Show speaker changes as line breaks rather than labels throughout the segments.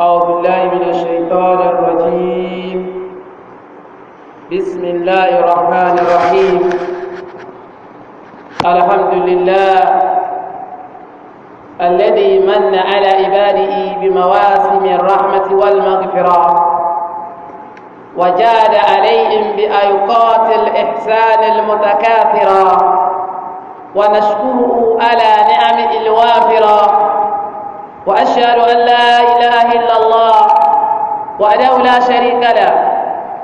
أعوذ بالله من الشيطان الرجيم بسم الله الرحمن الرحيم الحمد لله الذي من على عباده بمواسم الرحمة والمغفرة وجاد عليهم بأيقات الإحسان المتكاثرة ونشكره على نعم الوافرة وأشهد أن لا إله إلا الله وأنه لا شريك له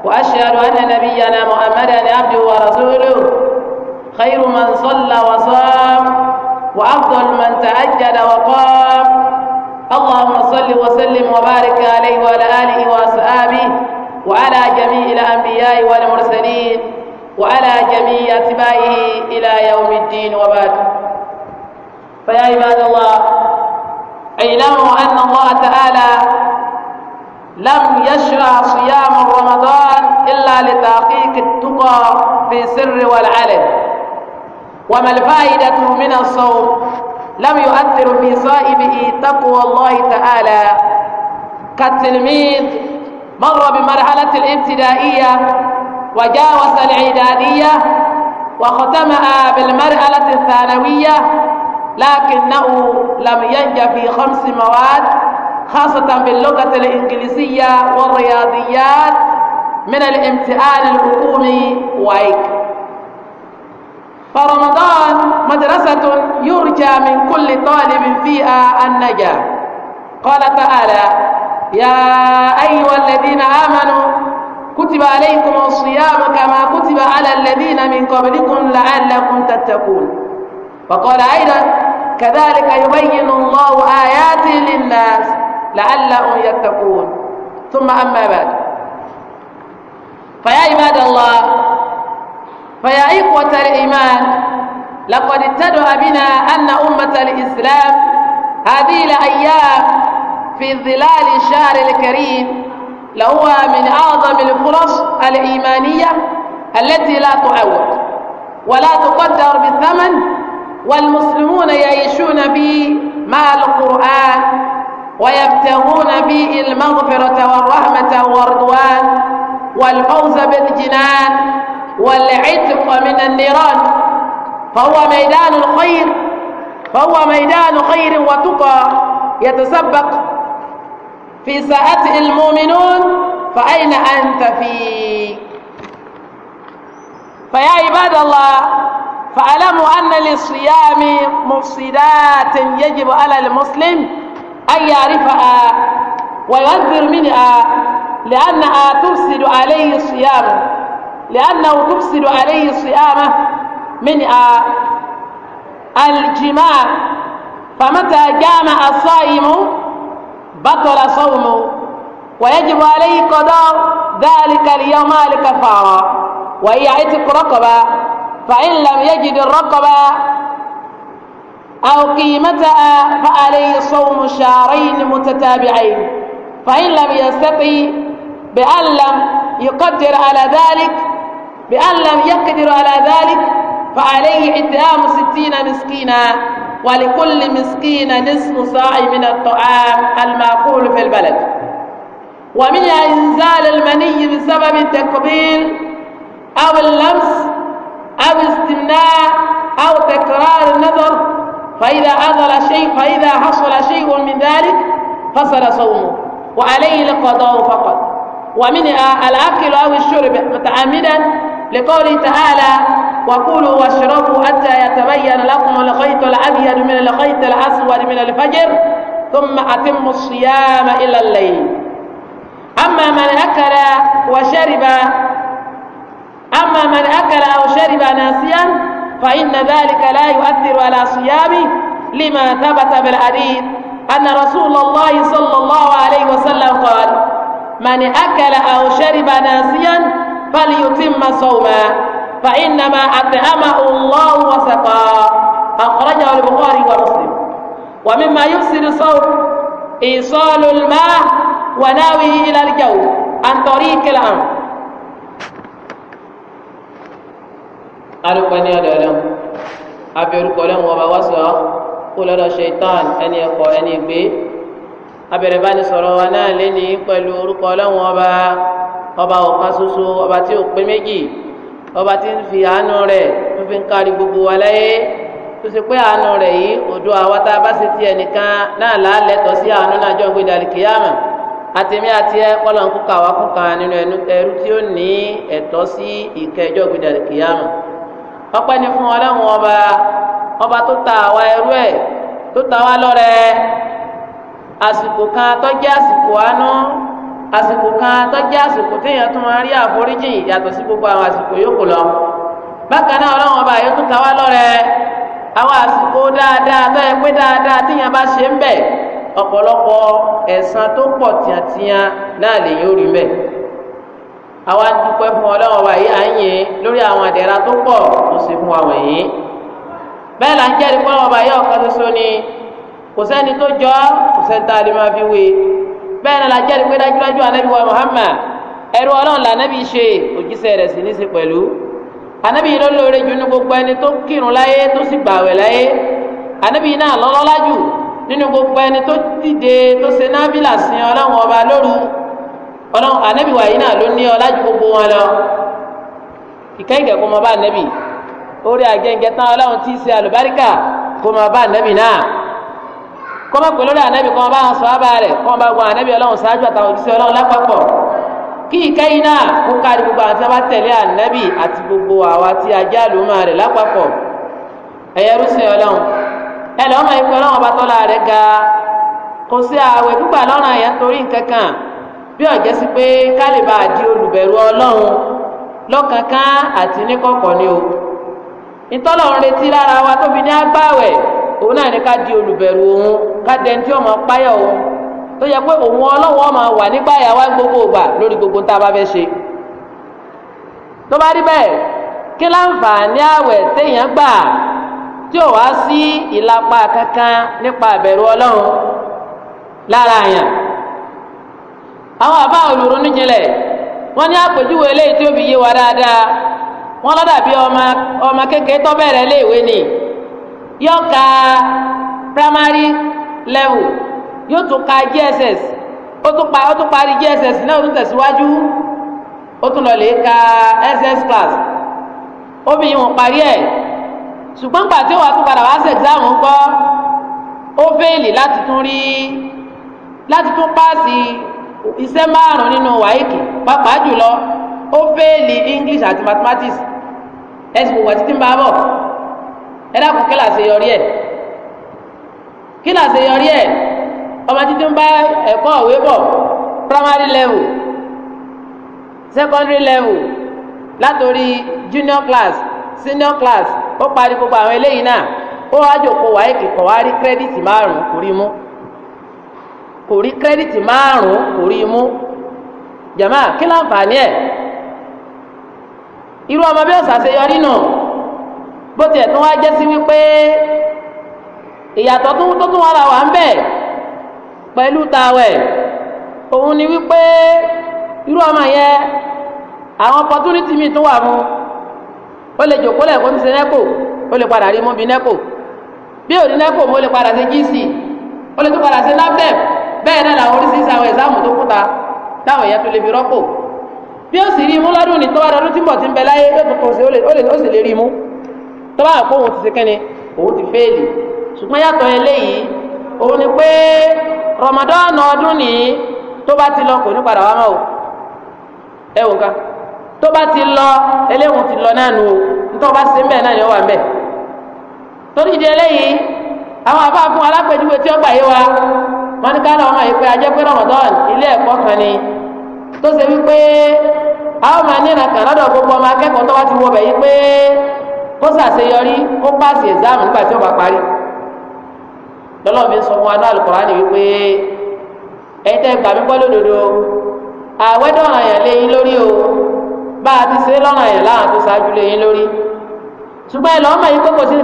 وأشهد أن نبينا محمدا عبده ورسوله خير من صلى وصام وأفضل من تأجل وقام اللهم صل وسلم وبارك عليه وعلى آله وأصحابه وعلى جميع الأنبياء والمرسلين وعلى جميع أتباعه إلى يوم الدين وبعد فيا عباد الله اعلموا أن الله تعالى لم يشرع صيام رمضان إلا لتحقيق التقى في سر والعلم وما الفائدة من الصوم لم يؤثر في صائبه تقوى الله تعالى كالتلميذ مر بمرحلة الابتدائية وجاوز العدادية وختمها بالمرحلة الثانوية لكنه لم ينجح في خمس مواد خاصة باللغة الإنجليزية والرياضيات من الامتحان الحكومي وايك فرمضان مدرسة يرجى من كل طالب فيها النجاة قال تعالى يا أيها الذين آمنوا كتب عليكم الصيام كما كتب على الذين من قبلكم لعلكم تتقون فقال أيضا كذلك يبين الله آياته للناس لعلهم يتقون ثم أما بعد
فيا عباد الله
فيا إخوة الإيمان لقد ابتدع بنا أن أمة الإسلام هذه الأيام في ظلال الشهر الكريم لهو من أعظم الفرص الإيمانية
التي لا تعوض
ولا تقدر بالثمن والمسلمون يعيشون به مع القرآن ويبتغون به المغفرة والرحمة والرضوان والفوز بالجنان والعتق من النيران فهو ميدان الخير فهو ميدان خير وتقى يتسبق في ساءته المؤمنون فأين أنت فيه فيا عباد الله فاعلموا أن للصيام مفسدات يجب على المسلم أن يعرفها
وينذر منها لأنها تفسد عليه صيامه
لأنه تفسد عليه صيامه من الجماع
فمتى جامع الصائم
بطل صومه ويجب عليه قضاء ذلك اليوم الكفاره وهي عتق رقبة فإن لم يجد الرقبة أو قيمتها فعليه صوم شهرين متتابعين فإن لم يستطع بأن لم يقدر على ذلك بأن لم يقدر على ذلك فعليه إدام ستين مسكينا ولكل مسكين نصف صاع من الطعام المأكول في البلد ومنها إنزال المني بسبب التقبيل أو اللمس أو الاستمناء أو تكرار النظر فإذا حصل شيء فإذا حصل شيء من ذلك فصل صومه وعليه القضاء فقط ومنها الأكل أو الشرب متعمدا لقوله تعالى وكلوا واشربوا حتى يتبين لكم الخيط الأبيض من الخيط الأسود من الفجر ثم أتموا الصيام إلى الليل أما من أكل وشرب أما من أكل أو شرب ناسيا فإن ذلك لا يؤثر على صيامه لما ثبت بالحديث أن رسول الله صلى الله عليه وسلم قال من أكل أو شرب ناسيا فليتم صوما فإنما أطعمه الله وسقاه أخرجه البخاري ومسلم ومما يفسد الصوم إيصال الماء وناويه إلى الجو عن طريق الأنف arúgbó ní ọ̀dọ̀ ọlọ́run abẹ́rúkọ ọlọ́run ọba wá sọ kó lọ́dọ̀ ẹni ẹkọ ẹni ìgbé abẹ́rẹ́ bá ní sọ̀rọ̀ wa náà lé orúkọ ọba ọba ọ̀kan ọba tí ò pé méjì ọba tí ń fi àánú rẹ ń fi ń kárí gbogbo wa láyé tó ṣe pé àánú yìí ti ẹnìkan náà sí àánú náà àti ẹ nínú ẹrú ọpẹ́ ni fún Ọlọ́run ọba ọba tó ta àwa ẹrú ẹ̀ tó ta wá lọ́rẹ àsìkò kan tó jẹ́ àsìkò àánú àsìkò kan tó jẹ́ àsìkò téèyàn tó máa rí àforíjì yàtọ̀ sí gbogbo àwọn àsìkò yòókù lọ
bákan náà Ọlọ́run ọba yóò tún ta wá lọ́rẹ
àwọn àsìkò dáadáa tó yẹ pé dáadáa téèyàn bá ṣe ń bẹ ọ̀pọ̀lọpọ̀ ẹ̀san tó pọ̀ tìyàntìyàn náà lè yóò rí bẹ́ẹ̀ àwa dúpẹ́ fún ọlọ́wọ́ wa yìí à ń yìn lórí àwọn àdẹ̀rà tó pọ̀ tó ṣe fún àwọn yìí bẹ́ẹ̀ là ń jẹ́rìí pé ọlọ́wọ́ yìí ọ̀kan ṣoṣo ni kò sẹ́ni tó jọ kò sẹ́ni tá a lè máa fi wé bẹ́ẹ̀ náà la jẹ́rìí pé dájúdájú anabi wa Muhammad ẹrú ọlọ́run là anabi ṣe òjíṣẹ́ rẹ̀ sì ní í ṣe pẹ̀lú anabi yìí ló lóore jù ní gbogbo ẹni tó kírun láyé tó sì gbààwẹ̀ láyé anabi yìí náà lọ́lọ́lá jù nínú gbogbo ẹni tó dìde tó ṣe nábìlà sin ọlọ́run ọba lóru ọ̀nà ànábì wa yìí náà ló ní ọlá ju gbogbo wọn lọ ìkẹ́kẹ́ kó máa bá ànábì orí àgẹ́gẹ́ tán ọlọ́run tí í ṣe àlùbáríkà kó máa bá ànábì náà kó máa pè lórí ànábì kó máa bá sọ ábà rẹ̀ kó máa bá gbọ́n ànábì ọlọ́run ṣáájú àtàwọn òjíṣẹ́ ọlọ́run lápapọ̀ kí ìkẹ́yìn náà kó kárí gbogbo àwọn tí wọ́n bá tẹ̀lé ànábì àti gbogbo àwa tí ajá àlùmọ́ rẹ̀ lápapọ̀ ẹ̀yẹ rúṣin ọlọ́run ẹ bí ọ̀jẹ́ sí pé ká lè bá a di olùbẹ̀rù ọlọ́run lọ́kànkán àti níkọ̀kọ̀ ni o ìtọ́lọ́run retí lára wa tóbi ní agbáwẹ̀ òun náà ní ká di olùbẹ̀rù òun ká dẹni tí ọmọ páyà òun tó yẹ pé òun ọlọ́run ọmọ wà nígbà yà wá gbogbo ògbà lórí gbogbo tá a bá fẹ́ ṣe tó bá rí bẹ́ẹ̀ kí láǹfààní àwẹ̀ téèyàn gbà tí ò wá sí ìlapa kankan nípa ìbẹ̀rù ọlọ́run lára àyàn àwọn àbá olùrònú jinlẹ̀ wọ́n ní àpèjúwe eléyìí tí ó fi yé wa dáadáa wọ́n lọ́dà bí ọmọ ọmọ kékeré tó bẹ̀rẹ̀ ni yóò ka primary level yóò tún ka JSS ó tún pa ó tún parí JSS náà ó tún tẹ̀síwájú ó tún lọ ka SS class obìnrin wọn parí ẹ̀ ṣùgbọ́n gbà tí ó wàá tún padà wá sí ẹ̀gzáàmù ńkọ́ ó fẹ́ẹ̀lì láti tún rí láti tún páàsì iṣẹ́ márùn-ún nínú wáíkì pàápàá jùlọ ó fẹ́ẹ̀lì english àti mathematics ẹ̀sìn kò wọ́n ti ti ń bá bọ̀ ẹ dákun kí làṣẹ yọrí ẹ̀ kí làṣẹ yọrí ẹ̀ ọmọ títí ń bá ẹ̀kọ́ ọ̀wé bọ̀ primary level secondary level látòrí junior class senior class ó parí gbogbo àwọn eléyìí náà ó wá jòkó wáíkì kọ̀ wá rí kírẹ́dìtì márùn-ún kò kò rí kírẹ́dìtì márùn-ún kò rí mú jàmá kí láǹfààní ẹ̀ irú ọmọ bí ọ̀sà ṣe yọrí nù bó tiẹ̀ tún wá jẹ́ sí wípé ìyàtọ̀ tó tún wà là wà ń bẹ̀ pẹ̀lú tàwẹ̀ òun ni wípé irú ọmọ yẹn àwọn opportunity mi tún wà mú ó lè jòkó lẹ́kọ̀ọ́ ní sinẹ́kò ó lè padà rí mú bí nẹ́kò bí ò ní nẹ́kò mo lè padà sí gc ó lè tún padà sí nafdep bẹ́ẹ̀ náà làwọn oríṣiríṣi àwọn ẹ̀sáàmù tó kúta táwọn èèyàn tó lè fi rọ́pò bí ó sì rí imú lọ́dún ní tọba ọdún tí ti ń bẹ láyé ó sì lè rí imú tọba àpò òun ti ṣe kẹ́ni òun ti fẹ́ẹ̀lì ṣùgbọ́n yàtọ̀ eléyìí òun ni pé rọmọdọ́ọ̀nù ọdún tó bá ti lọ kò ní padà o nǹkan tó bá lọ ti lọ náà nù o nítorí bá ṣe ń bẹ̀ náà ni ó wà ń bẹ̀ wọ́n ní káàlọ́ ọmọ yìí pé ajẹ́ pé Ramadan ilé ẹ̀kọ́ kan ni tó ṣe wípé a ó máa nínà kàn lọ́dọ̀ gbogbo ọmọ akẹ́kọ̀ọ́ tó wá ti wọ bẹ̀ yìí pé kó ṣàṣeyọrí kó pàṣẹ exam nígbà tí ó bá parí lọ́lọ́run sọ fún wa náà wípé o bá a ti ṣe lọ́ràn yẹn láwọn tó ṣáájú lórí ṣùgbọ́n kókò sí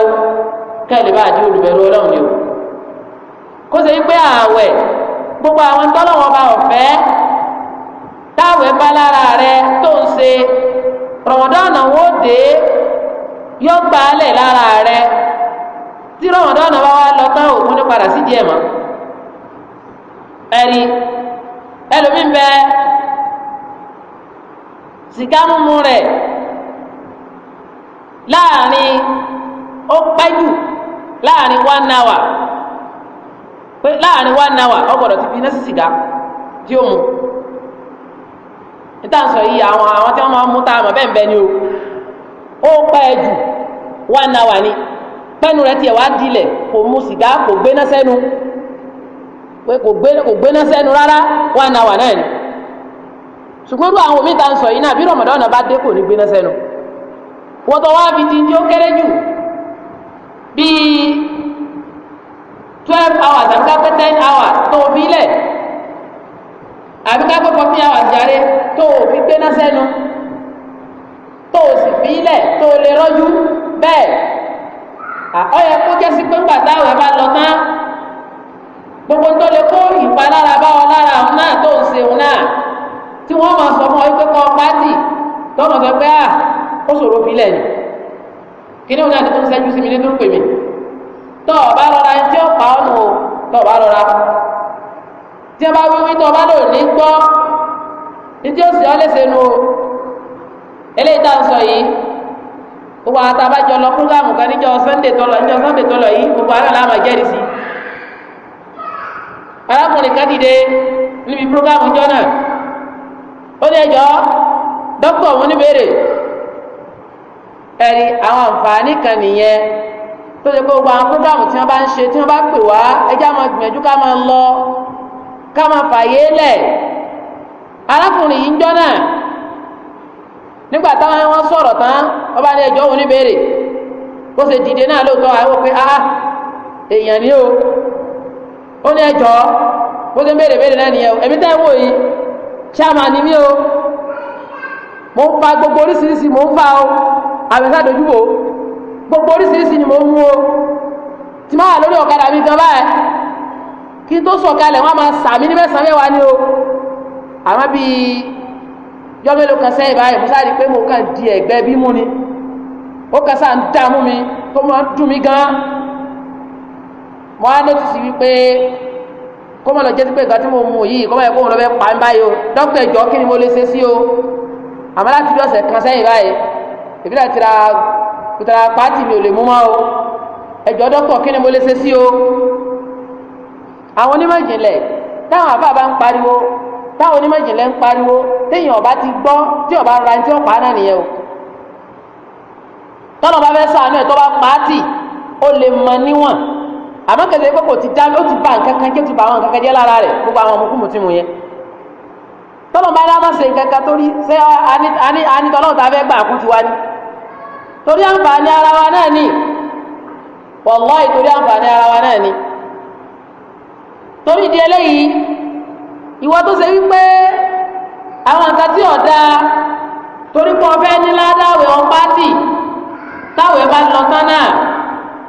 o kẹ́ lè bá olùbẹ̀rù Ọlọ́run ni kó ṣe pé ààwẹ̀ gbogbo àwọn tọ́lọ́wọ́ bá ọ̀fẹ́ táwẹ̀ bá lára rẹ tó ń ṣe rọ̀mọ̀dọ́nà wo dé yọ gbàálẹ̀ lára rẹ tí rọ̀mọ̀dọ́nà bá wá lọ tán òkun ní padà sí díẹ̀ mọ́ ẹ̀rí ẹlòmíín bẹ sìgá mímu rẹ̀ láàrin ó pẹ́ jù láàrin one hour. pé láàrin one hour ọ ti fi iná sí sìgá tí ó mu níta sọ yìí àwọn àwọn tí wọ́n máa ń mú táwọn bẹ́ẹ̀ bẹ́ẹ̀ ni o ó pẹ́ jù one hour ni pẹ́nu rẹ̀ tiẹ̀ wá dilẹ̀ kò mu sìgá kò gbéná sẹ́nu kò gbéná sẹ́nu rárá one hour náà ni ṣùgbọ́n irú àwọn omi ń sọ yìí náà bí Ramadan náà bá dé kò ní gbéná sẹ́nu wọ́n tó wá fi ti ń jó kéré jù bíi. twelve hours àbí ká pé ten hours tó o fi lẹ̀ àbí ká pé fourteen hours jàre tó o fi gbéná sẹ́nu tó o sì fi lẹ̀ tó o lè rọ́jú bẹ́ẹ̀ ó yẹ kó jẹ́ sí pé ńgbà táwọn ẹ̀ bá lọ tán gbogbo tó lè kó ìpalára bá ọ lára òun náà tó ń ṣe òun náà tí wọ́n máa sọ fún ọ wípé kọ́ pátì tọ́mọ̀ sọ pé à ó ṣòro fi lẹ̀ ni kí ni òun náà ti tún ṣẹ́jú sí mi ní tó ń pè mí tọ́ ọ bá rọra ẹni tí ó pa ọ́ nù o tọ́ ọ bá rọra tí ẹ bá wíwí tọ́ ọ bá lò ní gbọ́ ní tí ó sì ọ́ léṣe nu o eléyìí tá à ń sọ yìí gbogbo àwọn àtàbàjọ lọ púrógàmù kan níjọ sunday tó lọ níjọ sunday tó lọ yìí gbogbo àwọn àlàmà jẹ́rìí sí arákùnrin kan dìde níbi púrógàmù jọ náà ó ní ẹjọ́ dókítà òun níbèrè ẹ̀rí àwọn àǹfààní kan nìyẹn tó ṣe pé gbogbo àwọn program tí wọ́n bá ń ṣe tí wọ́n bá pè wá ẹjẹ́ àwọn gbìyànjú ká máa lọ ká máa fàyè lẹ̀ arákùnrin yìí ń jọ́ náà nígbà táwọn wọn sọ̀rọ̀ tán wọ́n bá ní ẹjọ́ òun níbèrè bó ṣe dìde náà lóòótọ́ àwọn pé ah èèyàn ni o ó ní ẹjọ́ bó ṣe ń béèrè béèrè náà nìyẹn o èmi tẹ́ ń wò yìí ṣáàmà ni mí o mò ń fa gbogbo oríṣiríṣi mò ń fa o àbẹ̀sà dojúbò gbogbo oríṣiríṣi ni mo mú o tí máa wà lórí ọ̀kadà mi gan báyìí kí n tó sọ̀kalẹ̀ wọ́n á máa sàmì níbẹ̀ sàn mẹ́wàá ni o àmọ́ bíi yọ mélòó kan sẹ́yìn báyìí mo sáré pé mo kàn di ẹ̀gbẹ́ bí mú ni ó kàn sáà ń dààmú mi tó máa ń dùn mí gan mo á nọ́tìsì wípé kó mọ̀ lọ jẹ́ pé nǹkan tí mo mú yìí kó mọ̀ yẹ kó mo lọ bẹ́ pa ń báyìí o dókítà ìjọ kí ni mo lè ṣe sí o àmọ́ láti bí ọ̀sẹ̀ kan sẹ́yìn báyìí èmi náà tira kùtàrà pàtì mi ò lè mú mọ́ o ẹjọ́ dọ́kítọ̀ kí ni mo lè ṣe sí o àwọn onímọ̀ ìjìnlẹ̀ táwọn àbá ń pariwo táwọn onímọ̀ ìjìnlẹ̀ ń pariwo téèyàn ọba ti gbọ́ tí ọba ra ẹni tí ó náà nìyẹn o tọ́lọ́ bá fẹ́ sàánú ẹ̀ tó bá pàtì ó lè mọ níwọ̀n àmọ́ kẹsẹ̀ pé ti já ó ti ba nǹkan kan kí ó ti ba àwọn nǹkan kan jẹ́ lára rẹ̀ gbogbo àwọn ọmọkùnrin tí mo yẹn tọ́lọ́ bá dá má ṣe nǹkan kan torí ṣé anítọ́lọ́ta fẹ́ gbà kú ti wá ní. torí àǹfààní ara wa náà ni wàláì torí àǹfààní ara wa náà ni torí di eléyìí ìwọ tó ṣe wípé
àwọn nǹkan tí ọ̀dà
torí pé ọbẹ̀ ní ládàwẹ̀ ọ̀n pátì táwẹ̀ bá lọ tán náà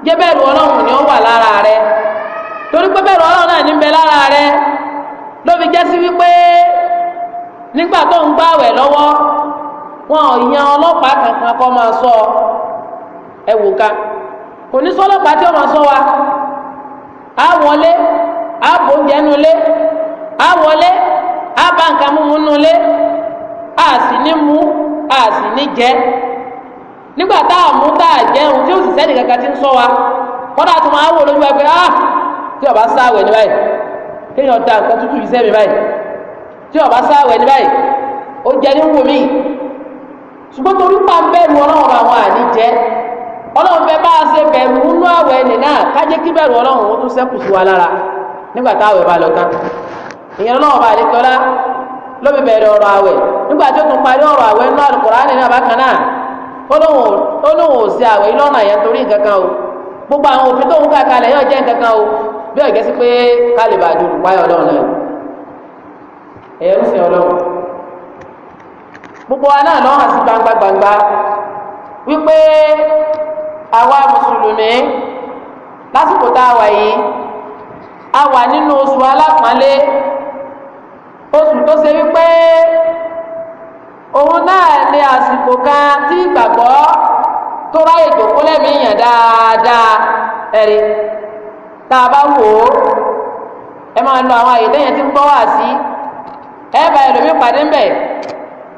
jẹ́ ọlọ́run ni ó wà lára rẹ torí pé ọlọ́run náà ní bẹ lára wọn ò yan ọlọ́pàá kankan kọ́ máa sọ ẹ ká kò ní sọlọ́pàá tí ó sọ wa á wọlé á bò ń jẹnu lé á wọlé á bá nǹkan mímu nu lé á sì ní mu á sì ní jẹ nígbà tá a mú tá a ti ń sọ wa kọ́dà tó ah, tí ọba sáwẹ̀ ní báyìí kéèyàn nǹkan tútù yìí sẹ́mi báyìí tí ọba sáwẹ̀ ní báyìí ó jẹ ní ṣùgbọ́n torí pa bẹ̀rù ọlọ́run àwọn àní jẹ́ ọlọ́run fẹ́ bá a ṣe bẹ̀rù nínú àwẹ̀ ẹni náà kájẹ́ kí bẹ̀rù ọlọ́run ó tún ṣẹ́kù sí wa lára nígbà táwẹ̀ bá lọ tán ìyẹn ọlọ́run bá àlejò ọlá ló fi bẹ̀rẹ̀ ọ̀rọ̀ àwẹ̀ nígbà tó tún parí ọ̀rọ̀ àwẹ̀ nínú Al-Qur'ani náà bákan náà àwẹ̀ ìlọ́nà yẹn torí o gbogbo àwọn òfin tóun kalẹ̀ yóò jẹ́ o gbogbo wa náà lọ́hàn sí gbangba gbangba wípé àwa mùsùlùmí lásìkò tá a wà yìí a wà nínú oṣù alápọ̀nlé oṣù tó ṣe wípé òun náà ní àsìkò kan tí to tó ráyè jòkó lẹ́mìí yàn dáadáa ẹ̀rí tá a bá wò ó ẹ máa lo àwọn àyè tẹ́yìn tí ń gbọ́ wá sí ẹ bá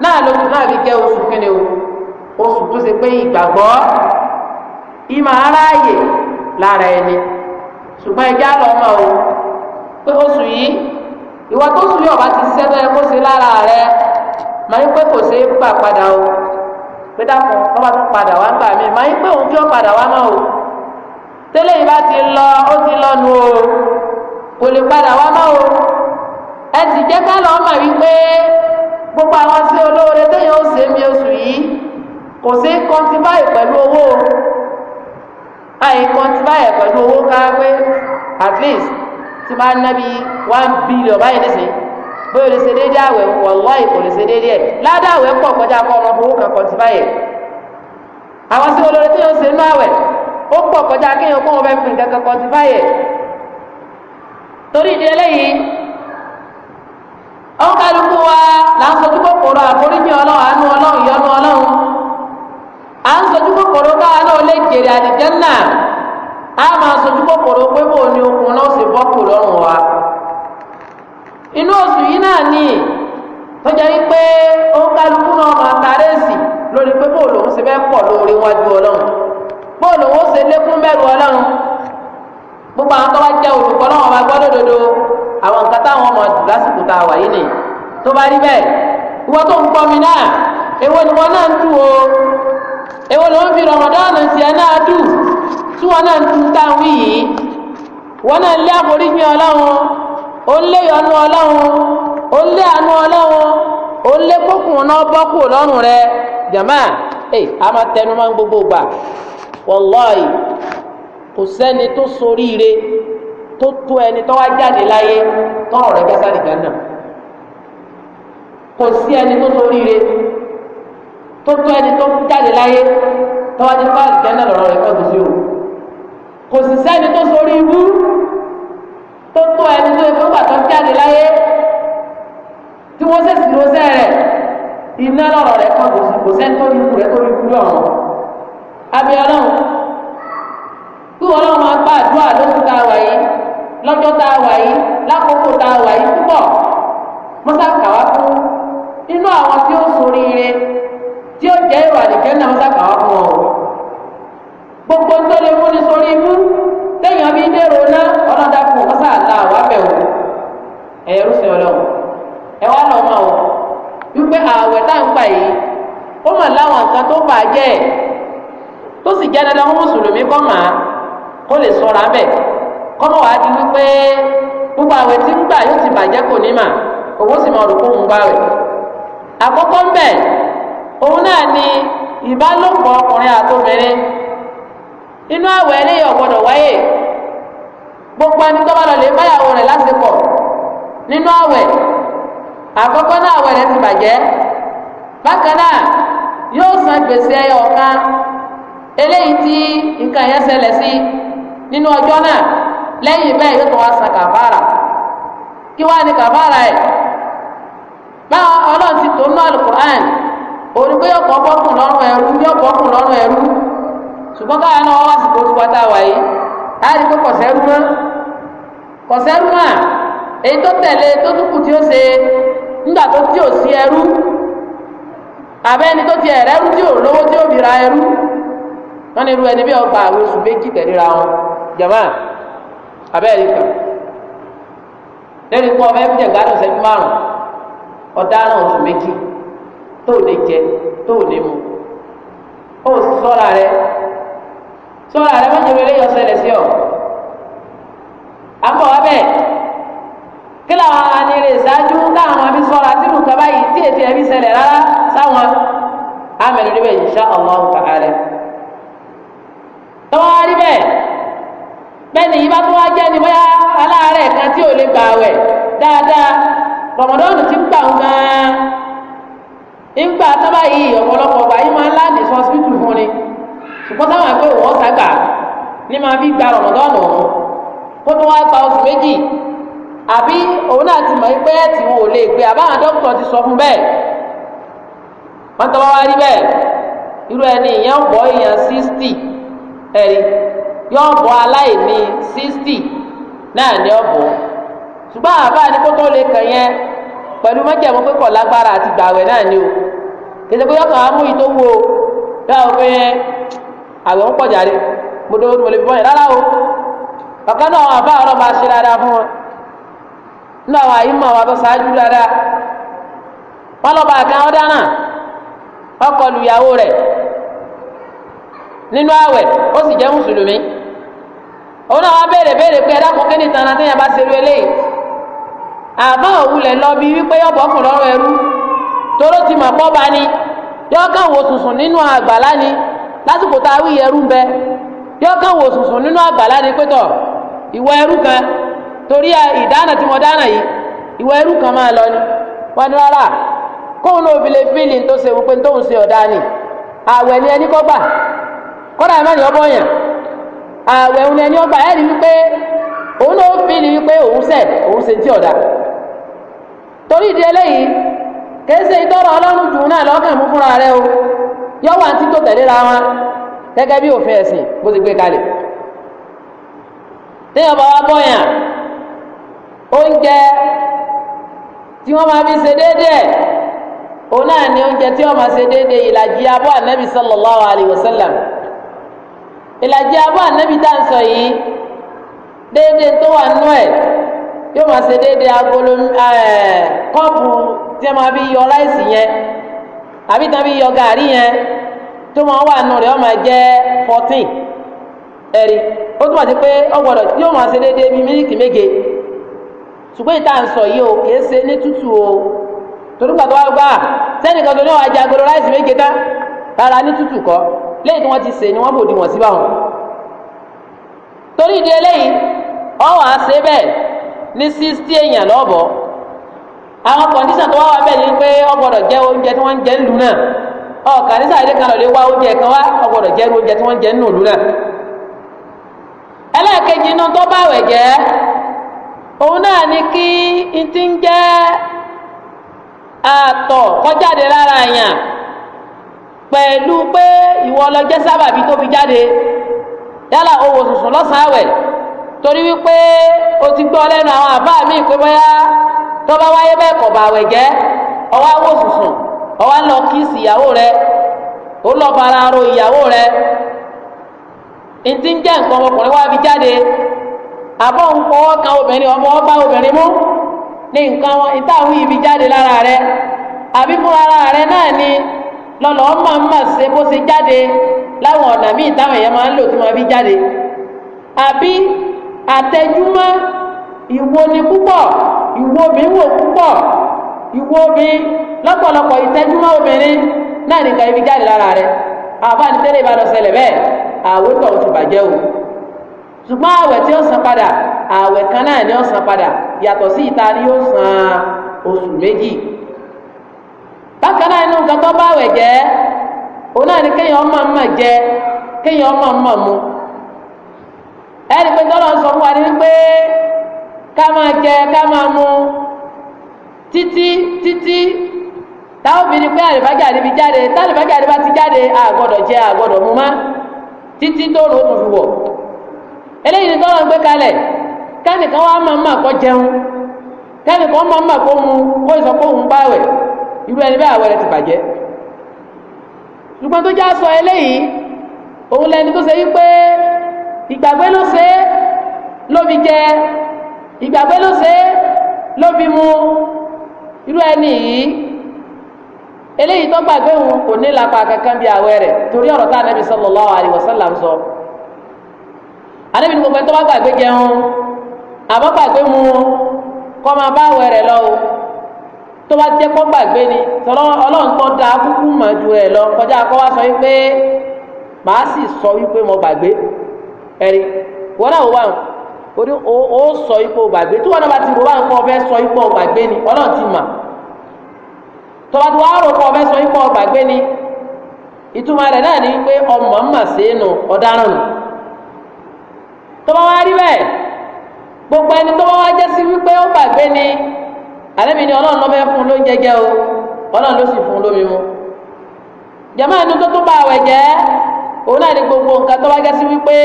náà lóṣù náà fi jẹ́ oṣù kíni o oṣù tó ṣe pé ìgbàgbọ́ ìmọ̀ aráàyè lára ẹni ṣùgbọ́n ẹjẹ́ àlọ́ ọmọ o pé oṣù yìí ìwà tó sùn yóò bá ti ṣẹ́tọ́ ẹ kó ṣe lára rẹ màá yín pé kò ṣe é gbà padà o pé dàpọ̀ wọ́n bá tún padà wá gbà mí màá pé òun kí ó padà wá mọ́ o tẹ́lẹ̀ yìí ti lọ ó ti lọ o kò lè padà wá mọ́ o ẹ sì jẹ́ ká lọ́ọ́ mọ̀ wípé gbogbo àwọn sí olóore téèyàn ó se mi oṣù yìí kò sí kọntíbáì pẹ̀lú owó àyè kọntíbáì pẹ̀lú owó káwé at least ti máa ná one billion báyìí nísìn bóyá o lè ṣe déédéé àwẹ̀ wọ̀lọ́ọ̀ kò lè ṣe déédéé ládàá àwẹ̀ pọ̀ kọjá kọ́ ọmọ owó kan kọntíbáì ẹ̀ àwọn sí olóore téèyàn ó ṣe nú àwẹ̀ ó pọ̀ kọjá kéèyàn kó wọn fẹ́ fi nǹkan kan torí ìdí eléyìí. àwọn kálukú wa là ń sojú kòkòrò àforíjì ọlọ́run àánú ọlọ́run ìyọ́nú ọlọ́run à ń sojú kòkòrò káwa náà lè jèrè àlìjẹ́nà á máa sojú kòkòrò pé bò ní okun náà sì bọ́ kù lọ́rùn wa inú oṣù yìí náà ni tọ́jà yìí pé kálukú náà máa lórí pé gbogbo àwọn tó bá jẹ́ olùkọ́ náà wọn bá gbọ́ lódodo àwọn nǹkan táwọn ọmọ lásìkò tá a wà yìí nì tó bá rí bẹ́ẹ̀ mi náà èwo ni náà ń o èwo ló ń fi rọmọdọ́ọ̀nù tiẹ̀ náà dù tí wọn náà ń tu táwọn yìí náà lé àforíjì ọlọ́run ó lé ìyọnu ọlọ́run ó lé àánú ọlọ́run ó lé kókùn bọ́ kù lọ́rùn rẹ jàmáà eh, kò sẹ́ni tó soríire tó tó ẹni tó wá jáde láyé tọ́rọ̀ rẹ̀
gásà nìkan náà
kò sí ẹni tó soríire tó tó ẹni tó jáde láyé tó wá ní bá nìkan náà lọ́rọ̀ rẹ̀ kọ́tù sí o kò sì sẹ́ni tó sorí ibú tó tó ẹni tó ẹgbẹ́ wà tó jáde láyé
tí wọ́n sẹ̀sì lọ́sẹ̀ rẹ̀
iná lọ́rọ̀ rẹ̀ kọ́tù sí kò sẹ́ni tó ibú rẹ̀ tó ibú lọ́rọ̀ abiyanahu wà lóṣù tá a wà yìí lọ́jọ́ tá a wà yìí lákòókò tá a wà yìí púpọ̀ mọ́sàkàwá fún inú àwọn tí ó ṣoríire tí ó jẹ́ ìwà àdìjẹ́ náà mọ́sàkàwá fún ọ. gbogbo tó lè mú ní sórí imú téèyàn bí dèrò náà ọlọ́dà fún mọ́sàlá àwábẹ̀ o ẹ̀rú sí ọlọ́run ẹ wá lọ́ mọ́ ọ wípé ààwẹ̀ tá à ń gbà yìí
ó mọ̀ láwọn nǹkan tó bàjẹ́
tó sì jẹ́ dandan fún mùsùlùmí kọ́ màá. kó lè sọra bẹ kọmọ wàá di wípé gbogbo àwẹ̀ tí ń gbà yóò ti bàjẹ́ kò ní mà owó sì máa rò kó ń gbàwẹ̀ àkọ́kọ́ ń bẹ òun náà ni ìbálòpọ̀ ọkùnrin àtòmìnrin inú àwẹ̀ eléyìí ọ̀gbọ́dọ̀ wáyé gbogbo ẹni tó bá lọ lè báyàwó rẹ̀ lásìkò nínú àwẹ̀ àkọ́kọ́ náà àwẹ̀ rẹ̀ ti bàjẹ́ bákan náà yóò san gbèsè ẹyọ kan eléyìí tí nǹkan yẹn ṣẹlẹ̀ sí nínú ọjọ́ náà lẹ́yìn bẹ́ẹ̀ yóò tó wá san kàfàrà kí wá ní kàfàrà ẹ̀ báwọn ọlọ́run ti tó nínú alukur'an òní pé yóò kọ́ bọ́kùn lọ́rùn ẹ̀rú yóò bọ́kùn lọ́rùn ẹ̀rú ṣùgbọ́n káwọn náà wá a láti pé kọ̀sẹ́rú mọ́ kọ̀sẹ́rú mọ́ èyí tó tẹ̀lé tó dúkù tí ó ṣe nígbà tó tí ò sí ti ẹ̀rẹ́rú tí ò lówó tí ò ra ẹrú wọ́n ní irú ẹni bí ọgbà àwọn oṣù jama abẹ́rẹ́ kan lẹ́nu kọ́ ọbẹ̀ jẹ gbádùn ṣẹ́jú márùn ọ̀daràn oṣù méjì tó lè jẹ mu ó sọ́ra rẹ sọ́ra rẹ wọ́n jẹ wẹ́lẹ́ yọ sẹ́lẹ̀ sí ọ àbọ̀ ọbẹ̀
kí làwọn anire ṣáájú táwọn àbí sọ́ra tí nǹkan báyìí tí ètò ẹbí ṣẹlẹ̀ rárá sáwọn
àmì lórí bẹ́ẹ̀ insha Allah ta'ala tọ́wọ́ rí bẹ́ẹ̀ni yìí bá tún wá jẹ́ ni bóyá aláàárẹ̀ kan tí gbà wẹ̀ dáadáa ti ń gbà ń gan-an ọ̀pọ̀lọpọ̀ gbà yìí máa ń láàdì sọ ni ṣùgbọ́n táwọn máa fi gba ọ̀hún kó wá gba méjì àbí òun náà ti mọ̀ pé tí wọn ò lè gbé àbáwọn dókítà ti sọ fún bẹ́ẹ̀ wọ́n tọ́ wá rí bẹ́ẹ̀ irú yóò bọ́ aláìní sixty 60 naanị ọ bụ ṣùgbọ́n àbá ní kótó lè kàn yẹn pẹ̀lú mọ́jẹ̀mú pé kò lágbára àti gbàwẹ̀ náà o kìsì ya yọkàn ámú yìí tó àwẹ̀ ń mo dé mo lè fi rárá o ọ̀kan náà àwọn àbá ọ̀rọ̀ máa ṣe fún wọn nínú àwọn àyè mọ̀ wọn lọ́ba àkàn ọ̀dá náà ọkọ̀ lùyàwó rẹ̀ nínú àwẹ̀ ó sì jẹ́ mùsùlùmí. ona náà wá béèrè béèrè pé ẹ̀dá ní tanra téèyàn bá ṣerú eléyìí àmọ́ òwúlẹ̀ lọ bí wípé yọ̀bọ̀ ẹrú ti mọ̀ pọ́ bá ní wò nínú àgbàlá ni lásìkò tá a wí ẹrú bẹ yọ wò nínú àgbàlá ni pé tọ̀ ìwọ ẹrú kan torí ìdáná tí mo dáná yìí ìwọ ẹrú kan máa lọ ni wọn ní rárá kóun náà lè fíìlì tó ṣe wípé tóun ṣe ọ̀dá ni àwẹ̀ ni ẹni kọ́ gbà kọ́dà ààwẹ̀ òun ẹni ọgbà ẹ̀rí wípé òun ló fi ni wípé òun ṣẹ̀ òun ṣe tí ọ̀dà torí ìdí eléyìí kìí ṣe ìtọ́rọ̀ ọlọ́run jù náà lọ́kàn mú fúnra rẹ o yọ wà tí tó tẹ̀léra wọn gẹ́gẹ́ bí òfin ẹ̀sìn bó ti gbé kalẹ̀ téèyàn bá wá bọ̀yàn oúnjẹ tí wọ́n máa fi ṣe déédéé òun náà ni oúnjẹ tí wọ́n máa ṣe déédéé ìlàjì abọ́ ànábì sallallahu wa sallam. ìlà abọ́ ànábì tá à yìí déédéé tó wà yóò máa ṣe agolo eh, kọ́ọ̀pù tí wọ́n máa fi yọ yẹn àbí tí fi yọ gàrí yẹn tó máa wà nù rẹ ọ máa jẹ fourteen ẹ̀rí ó túmọ̀ ti pé ọ gbọdọ yóò máa ṣe bíi mílíkì méje ṣùgbọ́n ìta o kìí ṣe ní tútù o torí gbà sẹ́nìkan tó ní wàá agolo méje tán rárá ní tútù lẹ́yìn tí wọ́n ti sè ni wọ́n bòdì wọn sí báwọn torí ìdí eléyìí ní èèyàn àwọn tó wá bẹ́ẹ̀ ni pé ó jẹ́ oúnjẹ tí wọ́n ń jẹ náà kan wá oúnjẹ kan wá oúnjẹ tí ń jẹ náà
ẹlẹ́ẹ̀kejì inú tó báwẹ̀ jẹ́
òun náà ni kí pẹ̀lú pé ìwọ ló jẹ́ sábàbí tó fi jáde yálà owó sùsùn lọ́sàn-án àwẹ̀ torí wípé o ti gbọ́ lẹ́nu àwọn àbá mi pé bóyá tó bá wáyé bẹ́ẹ̀ kọ̀ bá àwẹ̀ jẹ́ ọwọ́ owó sùsùn ọwọ́ lọ kíìsì ìyàwó rẹ ó lọ fara ro ìyàwó rẹ ntí ń jẹ́ nǹkan ọmọkùnrin wá fi jáde àbọ̀ ń fọwọ́ kan obìnrin ọmọ ọba obìnrin mú ní nǹkan wọn ìtàwí ibi jáde lára rẹ àbí fúnra rẹ náà ni lọ́lọ́ ọmọ ọmọ ṣe bó ṣe jáde láwọn ọ̀nà míì táwọn èèyàn máa ń lò tí wọ́n fi jáde àbí àtẹjúmọ́ ìwo ni púpọ̀ ìwo mi wò púpọ̀ ìwo mi lọ́pọ̀lọpọ̀ ìtẹjúmọ́ obìnrin náà nìkan ibi jáde lára rẹ̀ àbáni tẹ́lẹ̀ ìbá lọ ṣẹlẹ̀ bẹ́ẹ̀ àwẹ̀ tó ti bàjẹ́ o ṣùgbọ́n àwẹ̀ tí ó san padà àwẹ̀ kan náà ni ó san padà yàtọ̀ sí ìta ni ó san oṣù méjì bákan náà inú nǹkan tó bá àwẹ̀ jẹ́ òun náà ni kéèyàn ọmọ ọmọ jẹ kéèyàn ọmọ mu
ẹni pé tọ́lọ̀ sọ fún wa ni wípé
ká máa jẹ ká máa mu títí títí táwọn obìnrin pé àlùbájà níbi jáde tálùbájà níbi ti jáde àgọ́dọ̀ jẹ àgọ́dọ̀ mu má títí tó rò ó wọ̀ eléyìí ni gbé kalẹ̀ irú ẹni bẹ́ẹ̀ àwẹ̀rẹ̀ ti bàjẹ́ ṣùgbọ́n tó já sọ eléyìí òun lẹni tó ṣe wípé ìgbàgbé ló ṣe é ló fi jẹ ìgbàgbé ló ṣe é ló fi mu irú ẹni yìí eléyìí tó gbàgbé òun kò ní lápá kankan bí àwẹ̀rẹ̀ torí ọ̀rọ̀ tá ànábì sallallahu alaihi wasallam sọ ànábì ní gbogbo ẹni tó bá gbàgbé jẹun àbọ̀ gbàgbé mu kọ́ máa bá àwẹ̀rẹ̀ lọ o. tọba bá jẹ́ gbàgbé ni tọ́lọ́ ọlọ́run da kúkú lọ kọjá sọ wípé màá sì sọ wípé mo gbàgbé náà ní sọ ipò gbàgbé tí náà bá sọ ipò gbàgbé ni ọlọ́run ti mà tọba sọ ipò gbàgbé ni ìtumọ̀ rẹ̀ náà ni pé ọmọ mà ọ̀daràn nù rí bẹ́ẹ̀ gbogbo ẹni ni. àlẹ́bí ni ọlọ́run lọ́bẹ̀ fún ló ń jẹjẹ o ọlọ́run ló sì fún un lómi mu jama ẹnu tó tún bá àwẹ̀ jẹ́ òun náà ni gbogbo nǹkan tó wá gẹ́ sí wípé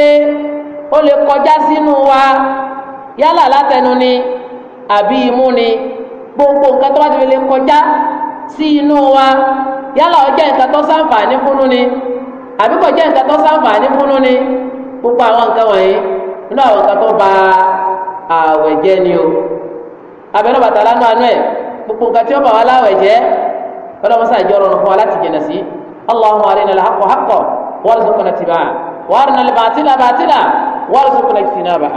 ó lè kọjá sínú wa yálà látẹnu ni àbí imú ni gbogbo nǹkan tó wá ti lè kọjá sí inú wa yálà ó nǹkan tó ṣàǹfààní fúnú ni àbí kò nǹkan tó ṣàǹfààní fúnú ni gbogbo àwọn nǹkan wọ̀nyí nínú àwọn nǹkan tó bà àwẹ̀ jẹ́ ni o abẹ́rẹ́ bàtà lánàá nù ẹ̀ gbogbo nǹkan tí ó bà wá láwẹ̀ jẹ́ ọlọ́mọsá ìjọ rọrùn fún wa láti jẹ̀nà sí allahumma arina alhaqqa haqqan warzuqna ittiba'a wa arina albatila batila warzuqna ijtinaba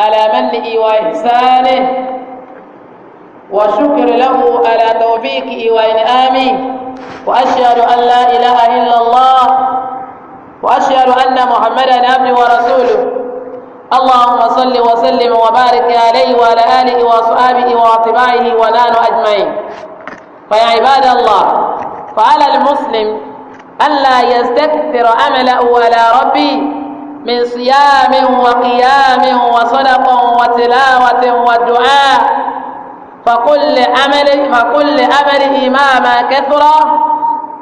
على منه وإحسانه
وشكر له
على توفيقه وإنعامه
وأشهد أن لا إله إلا
الله وأشهد أن محمدا عبده ورسوله اللهم صل وسلم وبارك عليه وعلى آله وأصحابه وأتباعه ونحن أجمعين فيا عباد الله فعلى المسلم ألا يستكثر أمله على ربه من صيام وقيام وصدق وتلاوة ودعاء فكل أمل فكل أمل ما كثر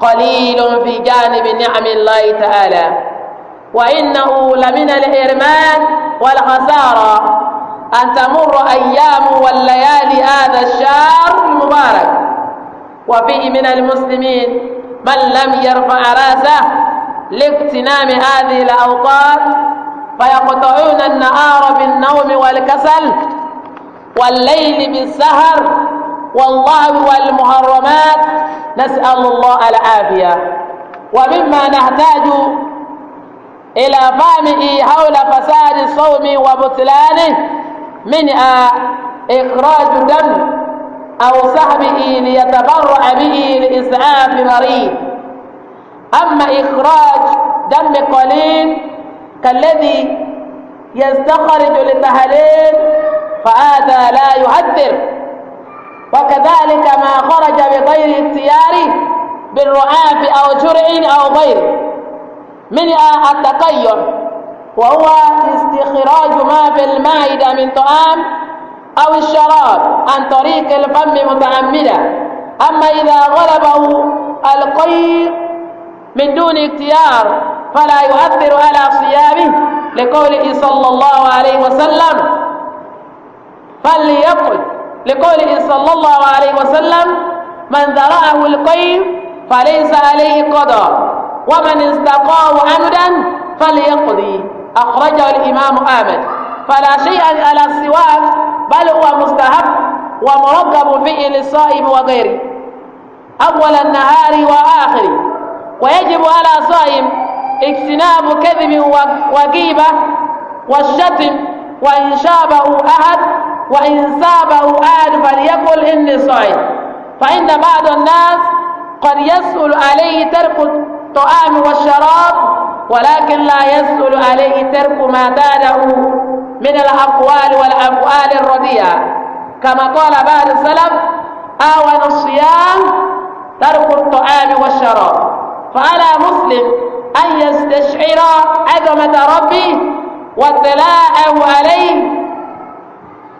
قليل في جانب نعم الله تعالى وإنه لمن الحرمان والخسارة أن تمر أيام والليالي هذا الشهر المبارك وفيه من المسلمين من لم يرفع راسه لاغتنام هذه الأوقات فيقطعون النهار بالنوم والكسل والليل بالسهر والله والمحرمات نسأل الله العافية ومما نحتاج إلى فهمه حول فساد الصوم وبطلانه من إخراج دم أو سحبه ليتبرع به لإسعاف مريض أما إخراج دم قليل كالذي يستخرج للتهليل فهذا لا يؤثر وكذلك ما خرج بغير اختيار بالرعاف أو جرع أو غيره من التقيم وهو استخراج ما في المعدة من طعام أو الشراب عن طريق الفم متعمدا أما إذا غلبه القيء من دون اختيار فلا يؤثر على صيامه لقوله صلى الله عليه وسلم فليقل لقوله صلى الله عليه وسلم من ذرأه القيم فليس عليه قضاء ومن استقاه عمدا فليقضي أخرجه الإمام أحمد فلا شيء على السواك بل هو مستحب ومرقب فيه للصائم وغيره أول النهار وآخره
ويجب على
صائم اجتناب كذب وغيبة والشتم وإن شابه أحد وإن سابه أحد فليقل إني صائم فإن بعض الناس قد يسهل عليه ترك الطعام والشراب ولكن لا يسهل عليه ترك ما داده من الأقوال والأفعال الرديئة كما قال بعض السلف آون الصيام ترك الطعام والشراب فعلى مسلم أن يستشعر عظمة ربه واطلاعه عليه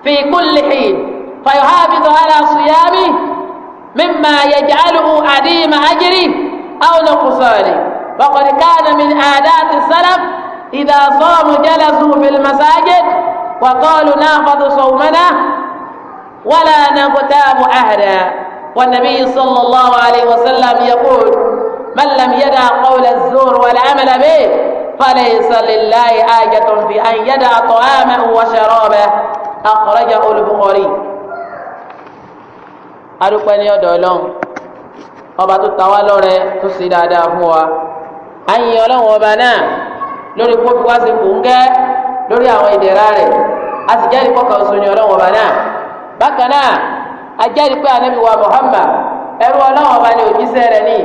في كل حين فيحافظ على صيامه مما يجعله عديم أجره أو نقصانه وقد كان من عادات السلف إذا صاموا جلسوا في المساجد وقالوا نافذ صومنا ولا نغتاب أهدا والنبي صلى الله عليه وسلم يقول من لم يدع قول الزور والعمل به فليس لله حاجة في أن يدع طعامه وشرابه أخرجه البخاري adúpẹ́ ní ọ̀dọ̀ ọlọ́run ọba tó ta wá lọ́rẹ tó sì dáadáa fún wa àyìn ọlọ́run ọba náà lórí kó fi wá sí kòńgẹ́ lórí àwọn ìdẹ̀ra rẹ̀ a sì jẹ́rìí kọ́kàn oṣù ní ọlọ́run ọba náà bákan náà a jẹ́rìí pé ànábì Muhammad ẹrú ọlọ́run ọba ni òjíṣẹ́ rẹ̀ nìyí.